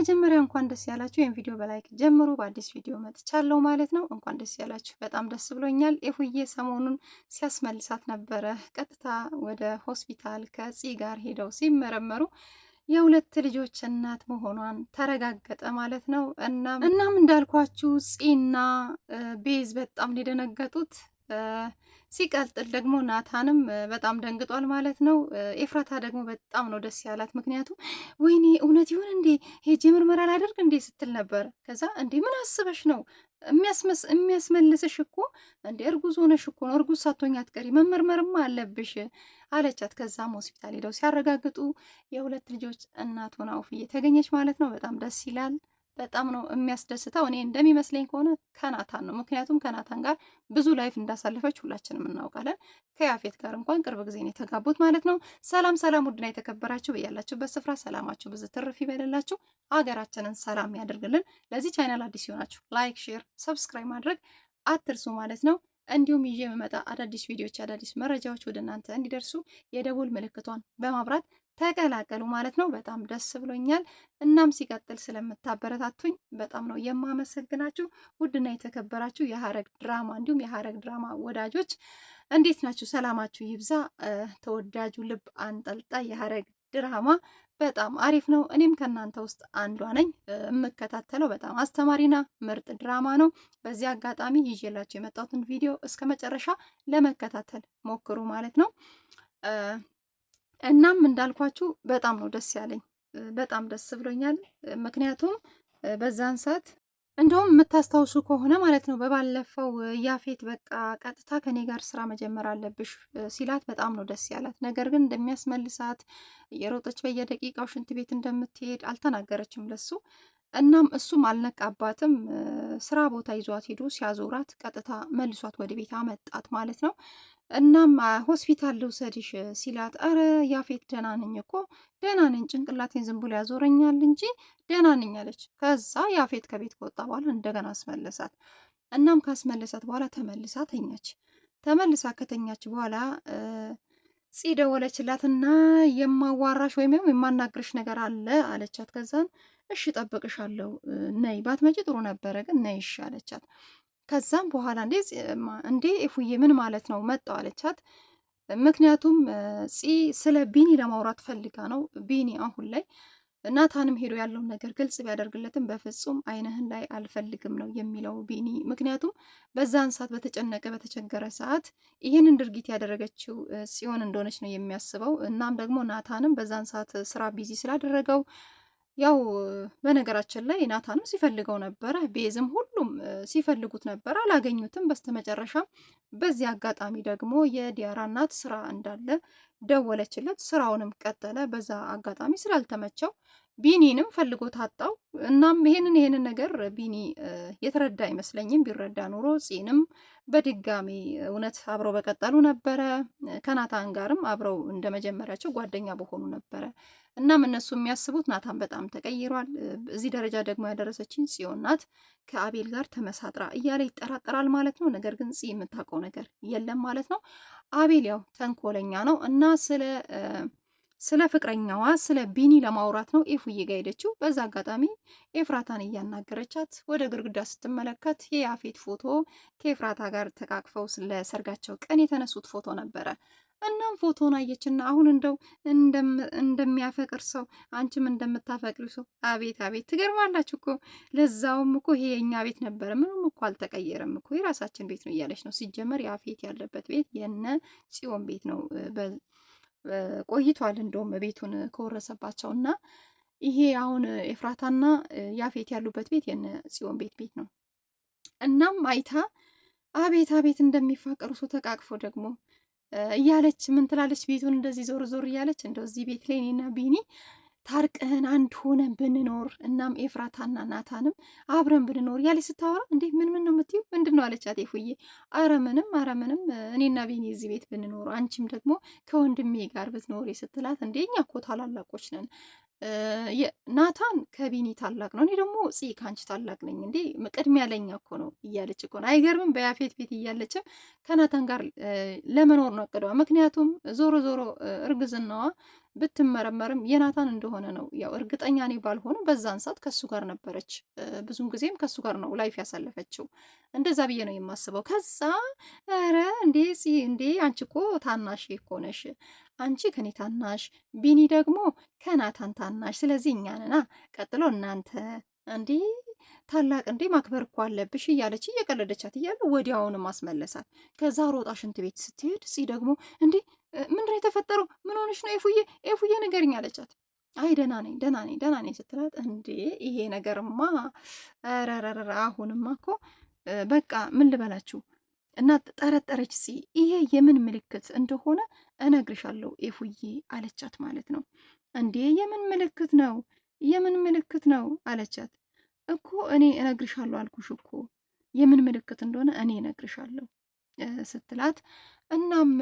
ከመጀመሪያ እንኳን ደስ ያላችሁ። ይህን ቪዲዮ በላይክ ጀምሩ። በአዲስ ቪዲዮ መጥቻለሁ ማለት ነው። እንኳን ደስ ያላችሁ። በጣም ደስ ብሎኛል። ኤፉዬ ሰሞኑን ሲያስመልሳት ነበረ። ቀጥታ ወደ ሆስፒታል ከፂ ጋር ሄደው ሲመረመሩ የሁለት ልጆች እናት መሆኗን ተረጋገጠ ማለት ነው። እናም እንዳልኳችሁ ፂና ቤዝ በጣም ሊደነገጡት ሲቀጥል ደግሞ ናታንም በጣም ደንግጧል ማለት ነው። ኤፍራታ ደግሞ በጣም ነው ደስ ያላት። ምክንያቱም ወይኔ እውነት ይሁን እንዴ ሄጄ ምርመራ ላደርግ እንዴ ስትል ነበር። ከዛ እንዴ ምን አስበሽ ነው የሚያስመልስሽ እኮ እንዴ እርጉዝ ሆነሽ እኮ ነው። እርጉዝ ሳትሆኝ አትቀሪ፣ መመርመርማ አለብሽ አለቻት። ከዛም ሆስፒታል ሄደው ሲያረጋግጡ የሁለት ልጆች እናት ሆና ውፍዬ ተገኘች ማለት ነው። በጣም ደስ ይላል። በጣም ነው የሚያስደስተው። እኔ እንደሚመስለኝ ከሆነ ከናታን ነው። ምክንያቱም ከናታን ጋር ብዙ ላይፍ እንዳሳለፈች ሁላችንም እናውቃለን። ከያፌት ጋር እንኳን ቅርብ ጊዜ ነው የተጋቡት ማለት ነው። ሰላም ሰላም፣ ውድና የተከበራችሁ በያላችሁበት ስፍራ ሰላማችሁ ብዙ ትርፍ ይበልላችሁ፣ ሀገራችንን ሰላም ያደርግልን። ለዚህ ቻናል አዲስ ሲሆናችሁ ላይክ፣ ሼር፣ ሰብስክራይብ ማድረግ አትርሱ ማለት ነው። እንዲሁም ይዤ የምመጣ አዳዲስ ቪዲዮዎች፣ አዳዲስ መረጃዎች ወደ እናንተ እንዲደርሱ የደውል ምልክቷን በማብራት ተቀላቀሉ ማለት ነው። በጣም ደስ ብሎኛል። እናም ሲቀጥል ስለምታበረታቱኝ በጣም ነው የማመሰግናችሁ። ውድና የተከበራችሁ የሀረግ ድራማ እንዲሁም የሀረግ ድራማ ወዳጆች እንዴት ናችሁ? ሰላማችሁ ይብዛ። ተወዳጁ ልብ አንጠልጣይ የሀረግ ድራማ በጣም አሪፍ ነው። እኔም ከእናንተ ውስጥ አንዷ ነኝ። የምከታተለው በጣም አስተማሪና ምርጥ ድራማ ነው። በዚህ አጋጣሚ ይዤላቸው የመጣሁትን ቪዲዮ እስከ መጨረሻ ለመከታተል ሞክሩ ማለት ነው። እናም እንዳልኳችሁ በጣም ነው ደስ ያለኝ፣ በጣም ደስ ብሎኛል። ምክንያቱም በዛን ሰዓት እንደውም የምታስታውሱ ከሆነ ማለት ነው በባለፈው ያፌት በቃ ቀጥታ ከኔ ጋር ስራ መጀመር አለብሽ ሲላት በጣም ነው ደስ ያላት። ነገር ግን እንደሚያስመልሳት እየሮጠች በየደቂቃው ሽንት ቤት እንደምትሄድ አልተናገረችም ለሱ። እናም እሱም አልነቃባትም። ስራ ቦታ ይዟት ሄዶ ሲያዞራት ቀጥታ መልሷት ወደ ቤት አመጣት ማለት ነው። እናም ሆስፒታል ልውሰድሽ ሲላት፣ አረ ያፌት ደህና ነኝ እኮ ደህና ነኝ፣ ጭንቅላቴን ዝም ብሎ ያዞረኛል እንጂ ደህና ነኝ አለች። ከዛ ያፌት ከቤት ከወጣ በኋላ እንደገና አስመለሳት። እናም ካስመለሳት በኋላ ተመልሳ ተኛች። ተመልሳ ከተኛች በኋላ ፂ ደወለችላትና የማዋራሽ ወይም የማናግርሽ ነገር አለ አለቻት። ከዛን እሺ ጠብቅሻለሁ፣ ነይ፣ ባትመጪ ጥሩ ነበረ ግን ነይሽ አለቻት። ከዛም በኋላ እንዴ እንዴ ኤፉዬ ምን ማለት ነው መጣው አለቻት። ምክንያቱም ፂ ስለ ቢኒ ለማውራት ፈልጋ ነው። ቢኒ አሁን ላይ ናታንም ሄዶ ያለውን ነገር ግልጽ ቢያደርግለትም በፍጹም አይንህን ላይ አልፈልግም ነው የሚለው ቢኒ። ምክንያቱም በዛን ሰዓት በተጨነቀ በተቸገረ ሰዓት ይህንን ድርጊት ያደረገችው ጽዮን እንደሆነች ነው የሚያስበው። እናም ደግሞ ናታንም በዛን ሰዓት ስራ ቢዚ ስላደረገው ያው በነገራችን ላይ ናታንም ሲፈልገው ነበረ፣ ቤዝም ሁሉም ሲፈልጉት ነበር፣ አላገኙትም። በስተመጨረሻ በዚህ አጋጣሚ ደግሞ የዲያራ እናት ስራ እንዳለ ደወለችለት፣ ስራውንም ቀጠለ። በዛ አጋጣሚ ስላልተመቸው ቢኒንም ፈልጎ ታጣው። እናም ይሄንን ይሄንን ነገር ቢኒ የተረዳ አይመስለኝም። ቢረዳ ኑሮ ጺንም በድጋሚ እውነት አብረው በቀጠሉ ነበረ። ከናታን ጋርም አብረው እንደመጀመሪያቸው ጓደኛ በሆኑ ነበረ። እናም እነሱ የሚያስቡት ናታን በጣም ተቀይሯል፣ እዚህ ደረጃ ደግሞ ያደረሰችን ጽዮን ናት ከአቤል ጋር ተመሳጥራ እያለ ይጠራጠራል ማለት ነው። ነገር ግን ጽ የምታውቀው ነገር የለም ማለት ነው። አቤል ያው ተንኮለኛ ነው እና ስለ ስለ ፍቅረኛዋ ስለ ቢኒ ለማውራት ነው ኤፉዬ ጋ ሄደችው። በዛ አጋጣሚ ኤፍራታን እያናገረቻት ወደ ግድግዳ ስትመለከት የያፌት ፎቶ ከኤፍራታ ጋር ተቃቅፈው ስለሰርጋቸው ቀን የተነሱት ፎቶ ነበረ። እናም ፎቶን አየችና አሁን እንደው እንደሚያፈቅር ሰው አንቺም እንደምታፈቅሪ ሰው አቤት አቤት ትገርማላችሁ እኮ ለዛውም እኮ ይሄ የኛ ቤት ነበረ ምንም እኮ አልተቀየረም እኮ የራሳችን ቤት ነው እያለች ነው ሲጀመር ያፌት ያለበት ቤት የነ ጽዮን ቤት ነው ቆይቷል እንደውም ቤቱን ከወረሰባቸው እና ይሄ አሁን ኤፍራታና ያፌት ያሉበት ቤት የነ ጽዮን ቤት ቤት ነው እናም አይታ አቤት አቤት እንደሚፋቀሩ ሰው ተቃቅፎ ደግሞ እያለች ምን ትላለች? ቤቱን እንደዚህ ዞር ዞር እያለች እንደው እዚህ ቤት ላይ እኔና ቢኒ ታርቀን አንድ ሆነን ብንኖር እናም ኤፍራታና ናታንም አብረን ብንኖር እያለች ስታወራ፣ እንዴ ምን ምን ነው የምትይው? ምንድን ነው አለቻት ፉዬ። ኧረ ምንም ምንም እኔና ቢኒ እዚህ ቤት ብንኖር አንቺም ደግሞ ከወንድሜ ጋር ብትኖሪ ስትላት፣ እንዴ እኛ እኮ ታላላቆች ነን ናታን ከቢኒ ታላቅ ነው፣ እኔ ደግሞ ፅ ከአንቺ ታላቅ ነኝ እንዴ ቅድሚያ ለኛ እኮ ነው እያለች እኮ ነው። አይገርምም? በያፌት ቤት እያለችም ከናታን ጋር ለመኖር ነው እቅዷ። ምክንያቱም ዞሮ ዞሮ እርግዝናዋ ብትመረመርም የናታን እንደሆነ ነው ያው እርግጠኛ እኔ ባልሆንም በዛን ሰዓት ከሱ ጋር ነበረች። ብዙም ጊዜም ከሱ ጋር ነው ላይፍ ያሳለፈችው። እንደዛ ብዬ ነው የማስበው። ከዛ ኧረ እንዴ እንዴ አንቺ እኮ ታናሽ እኮ ነሽ አንቺ ከኔ ታናሽ፣ ቢኒ ደግሞ ከናታን ታናሽ፣ ስለዚህ እኛንና ቀጥሎ እናንተ እንዲህ ታላቅ እንዴ ማክበር እኮ አለብሽ እያለች እየቀለደቻት እያለ ወዲያውንም አስመለሳት። ከዛ ሮጣ ሽንት ቤት ስትሄድ ፂ ደግሞ እንዴ ምንድን ነው የተፈጠረው? ምን ሆነሽ ነው ኤፉዬ? ኤፉዬ ንገሪኝ አለቻት። አይ ደህና ነኝ ደህና ነኝ ደህና ነኝ ስትላት፣ እንዴ ይሄ ነገርማ ረረረረ አሁንማ እኮ በቃ ምን ልበላችሁ እና ጠረጠረች ሲ ይሄ የምን ምልክት እንደሆነ እነግርሻለሁ ኤፉዬ አለቻት ማለት ነው። እንዴ የምን ምልክት ነው? የምን ምልክት ነው አለቻት። እኮ እኔ እነግርሻለሁ አልኩሽ እኮ የምን ምልክት እንደሆነ እኔ እነግርሻለሁ ስትላት፣ እናም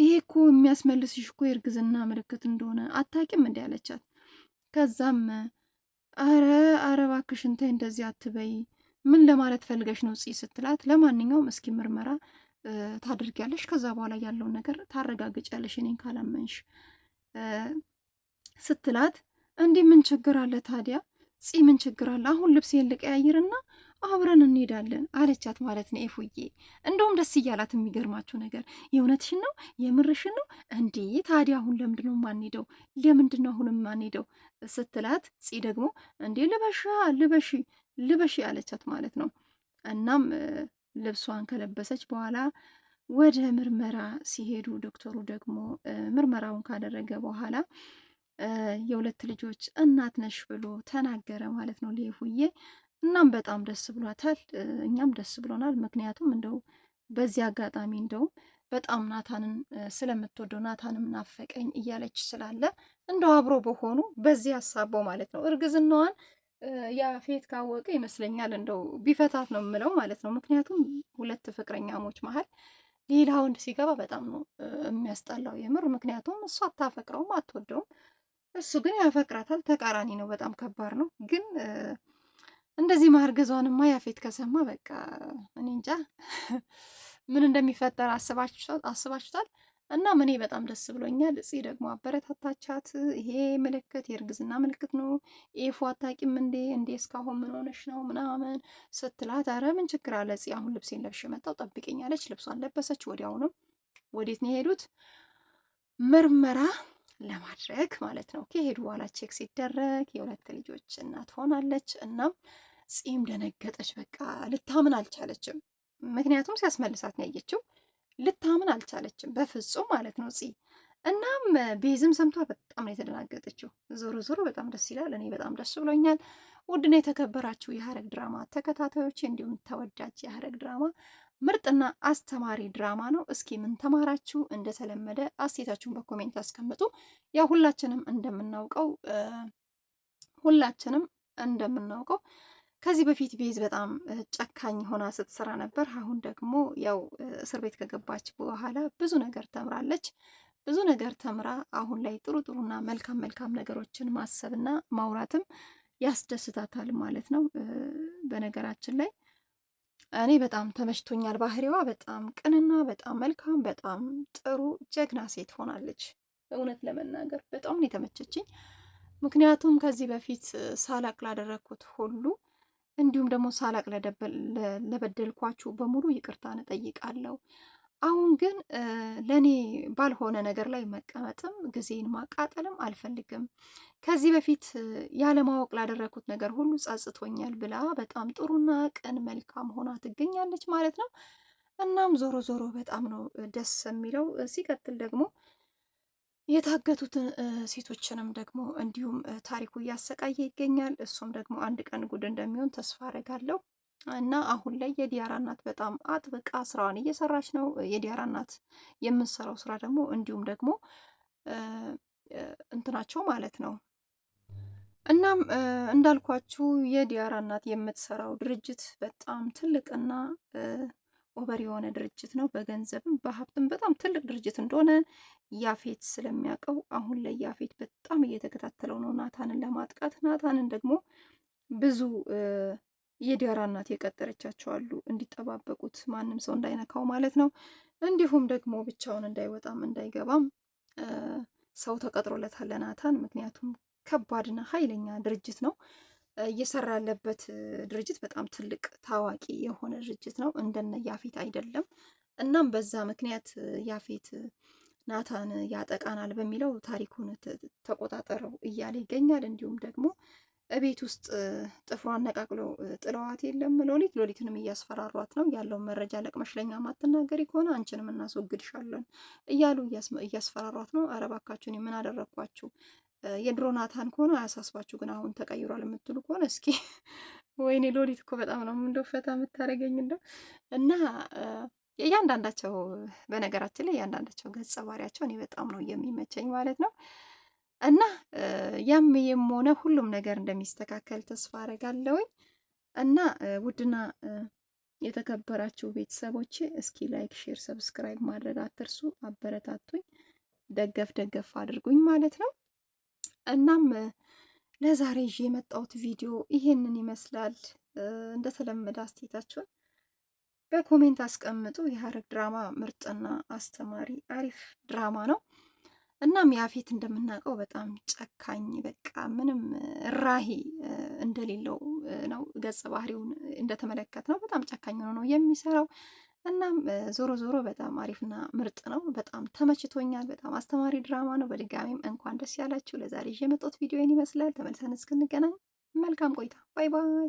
ይሄ እኮ የሚያስመልስሽ እኮ የእርግዝና ምልክት እንደሆነ አታውቂም እንዲ አለቻት። ከዛም አረ አረ እባክሽን ተይ እንደዚህ አትበይ ምን ለማለት ፈልገሽ ነው ጽ ስትላት፣ ለማንኛውም እስኪ ምርመራ ታደርጊያለሽ፣ ከዛ በኋላ ያለውን ነገር ታረጋግጫለሽ እኔን ካላመንሽ ስትላት፣ እንዲህ ምን ችግር አለ ታዲያ ጽ ምን ችግር አለ? አሁን ልብሴን ልቀያይርና አብረን እንሄዳለን አለቻት ማለት ነው ኤፉዬ። እንደውም ደስ እያላት የሚገርማችሁ ነገር የእውነትሽን ነው የምርሽን ነው እንዴ? ታዲያ አሁን ለምንድን ነው የማንሄደው? ለምንድን ነው አሁን የማንሄደው ስትላት፣ ፂ ደግሞ እንዴ ልበሻ ልበሺ ልበሽ ያለቻት ማለት ነው። እናም ልብሷን ከለበሰች በኋላ ወደ ምርመራ ሲሄዱ ዶክተሩ ደግሞ ምርመራውን ካደረገ በኋላ የሁለት ልጆች እናት ነሽ ብሎ ተናገረ ማለት ነው ሌፉዬ። እናም በጣም ደስ ብሏታል፣ እኛም ደስ ብሎናል። ምክንያቱም እንደው በዚህ አጋጣሚ እንደውም በጣም ናታንን ስለምትወደው ናታንም ናፈቀኝ እያለች ስላለ እንደው አብሮ በሆኑ በዚህ ሀሳቦ ማለት ነው እርግዝናዋን ያፌት ካወቀ ይመስለኛል እንደው ቢፈታት ነው የምለው ማለት ነው። ምክንያቱም ሁለት ፍቅረኛሞች መሀል ሌላ ወንድ ሲገባ በጣም ነው የሚያስጠላው የምር። ምክንያቱም እሱ አታፈቅረውም፣ አትወደውም፣ እሱ ግን ያፈቅራታል። ተቃራኒ ነው። በጣም ከባድ ነው። ግን እንደዚህ ማርገዟንማ ያፌት ከሰማ በቃ እኔ እንጃ ምን እንደሚፈጠር አስባችሁታል? እናም እኔ በጣም ደስ ብሎኛል። እጽ ደግሞ አበረታታቻት። ይሄ ምልክት የእርግዝና ምልክት ነው። ኤፎ አታቂም እንዴ እንዴ እስካሁን ምን ሆነሽ ነው ምናምን ስትላት፣ አረ ምን ችግር አለ እጽ አሁን ልብሴን ለብሽ መጣው ጠብቀኝ አለች። ልብሷን ለበሰች። ወዲያውንም ወዴት ነው የሄዱት? ምርመራ ለማድረግ ማለት ነው። ከሄዱ በኋላ ቼክ ሲደረግ የሁለት ልጆች እናት ሆናለች። እናም ጺም ደነገጠች። በቃ ልታምን አልቻለችም። ምክንያቱም ሲያስመልሳት ነው ያየችው። ልታምን አልቻለችም በፍጹም ማለት ነው ፂ እናም ቤዝም ሰምቷ በጣም ነው የተደናገጠችው። ዞሮ ዞሮ በጣም ደስ ይላል። እኔ በጣም ደስ ብሎኛል። ውድና የተከበራችሁ የሐረግ ድራማ ተከታታዮች እንዲሁም ተወዳጅ የሐረግ ድራማ ምርጥና አስተማሪ ድራማ ነው። እስኪ ምን ተማራችሁ? እንደተለመደ አስተያየታችሁን በኮሜንት አስቀምጡ። ያው ሁላችንም እንደምናውቀው ሁላችንም እንደምናውቀው ከዚህ በፊት ቤዝ በጣም ጨካኝ ሆና ስትሰራ ነበር። አሁን ደግሞ ያው እስር ቤት ከገባች በኋላ ብዙ ነገር ተምራለች። ብዙ ነገር ተምራ አሁን ላይ ጥሩ ጥሩና መልካም መልካም ነገሮችን ማሰብና ማውራትም ያስደስታታል ማለት ነው። በነገራችን ላይ እኔ በጣም ተመችቶኛል። ባህሪዋ በጣም ቅንና በጣም መልካም በጣም ጥሩ ጀግና ሴት ሆናለች። እውነት ለመናገር በጣም ነው የተመቸችኝ። ምክንያቱም ከዚህ በፊት ሳላቅ ላደረግኩት ሁሉ እንዲሁም ደግሞ ሳላቅ ለበደልኳችሁ በሙሉ ይቅርታን እጠይቃለሁ። አሁን ግን ለእኔ ባልሆነ ነገር ላይ መቀመጥም ጊዜን ማቃጠልም አልፈልግም። ከዚህ በፊት ያለማወቅ ላደረግኩት ነገር ሁሉ ጸጽቶኛል ብላ በጣም ጥሩና ቅን መልካም ሆና ትገኛለች ማለት ነው። እናም ዞሮ ዞሮ በጣም ነው ደስ የሚለው። ሲቀጥል ደግሞ የታገቱትን ሴቶችንም ደግሞ እንዲሁም ታሪኩ እያሰቃየ ይገኛል። እሱም ደግሞ አንድ ቀን ጉድ እንደሚሆን ተስፋ አደርጋለሁ እና አሁን ላይ የዲያራ እናት በጣም አጥብቃ ስራዋን እየሰራች ነው። የዲያራ እናት የምንሰራው ስራ ደግሞ እንዲሁም ደግሞ እንትናቸው ማለት ነው። እናም እንዳልኳችሁ የዲያራ እናት የምትሰራው ድርጅት በጣም ትልቅና ኦቨር የሆነ ድርጅት ነው። በገንዘብም በሀብትም በጣም ትልቅ ድርጅት እንደሆነ ያፌት ስለሚያውቀው አሁን ላይ ያፌት በጣም እየተከታተለው ነው ናታንን ለማጥቃት። ናታንን ደግሞ ብዙ የዲያራ እናት የቀጠረቻቸው አሉ እንዲጠባበቁት፣ ማንም ሰው እንዳይነካው ማለት ነው። እንዲሁም ደግሞ ብቻውን እንዳይወጣም እንዳይገባም ሰው ተቀጥሮለታል ለናታን። ምክንያቱም ከባድና ኃይለኛ ድርጅት ነው። እየሰራ ያለበት ድርጅት በጣም ትልቅ ታዋቂ የሆነ ድርጅት ነው፣ እንደነ ያፌት አይደለም። እናም በዛ ምክንያት ያፌት ናታን ያጠቃናል በሚለው ታሪኩን ተቆጣጠረው እያለ ይገኛል። እንዲሁም ደግሞ እቤት ውስጥ ጥፍሮ አነቃቅሎ ጥለዋት የለም ሎሊት፣ ሎሊትንም እያስፈራሯት ነው ያለውን መረጃ ለቅመሽ ለኛ ማትናገሪ ከሆነ አንቺንም እናስወግድሻለን እያሉ እያስፈራሯት ነው። አረባካችሁን ባካችሁን አደረግኳችሁ? የድሮ ናታን ከሆነ አያሳስባችሁ፣ ግን አሁን ተቀይሯል የምትሉ ከሆነ እስኪ ወይኔ ሎሊት እኮ በጣም ነው እንደው ፈታ የምታደርገኝ እንደው እና እያንዳንዳቸው በነገራችን ላይ እያንዳንዳቸው ገጸ ባህሪያቸው እኔ በጣም ነው የሚመቸኝ ማለት ነው። እና ያም የም ሆነ ሁሉም ነገር እንደሚስተካከል ተስፋ አረጋለሁኝ። እና ውድና የተከበራችሁ ቤተሰቦቼ እስኪ ላይክ፣ ሼር፣ ሰብስክራይብ ማድረግ አትርሱ። አበረታቱኝ፣ ደገፍ ደገፍ አድርጉኝ ማለት ነው። እናም ለዛሬ ይዤ የመጣሁት ቪዲዮ ይሄንን ይመስላል። እንደተለመደ አስተያየታችሁን በኮሜንት አስቀምጡ። የሀረግ ድራማ ምርጥና አስተማሪ አሪፍ ድራማ ነው። እናም ያፌት እንደምናውቀው በጣም ጨካኝ፣ በቃ ምንም ራሄ እንደሌለው ነው ገጸ ባህሪውን እንደተመለከት ነው። በጣም ጨካኝ ሆኖ ነው የሚሰራው። እናም ዞሮ ዞሮ በጣም አሪፍና ምርጥ ነው። በጣም ተመችቶኛል። በጣም አስተማሪ ድራማ ነው። በድጋሚም እንኳን ደስ ያላችሁ። ለዛሬ የመጣሁት ይህን ይመስላል። ተመልሰን እስክንገናኝ መልካም ቆይታ። ባይ ባይ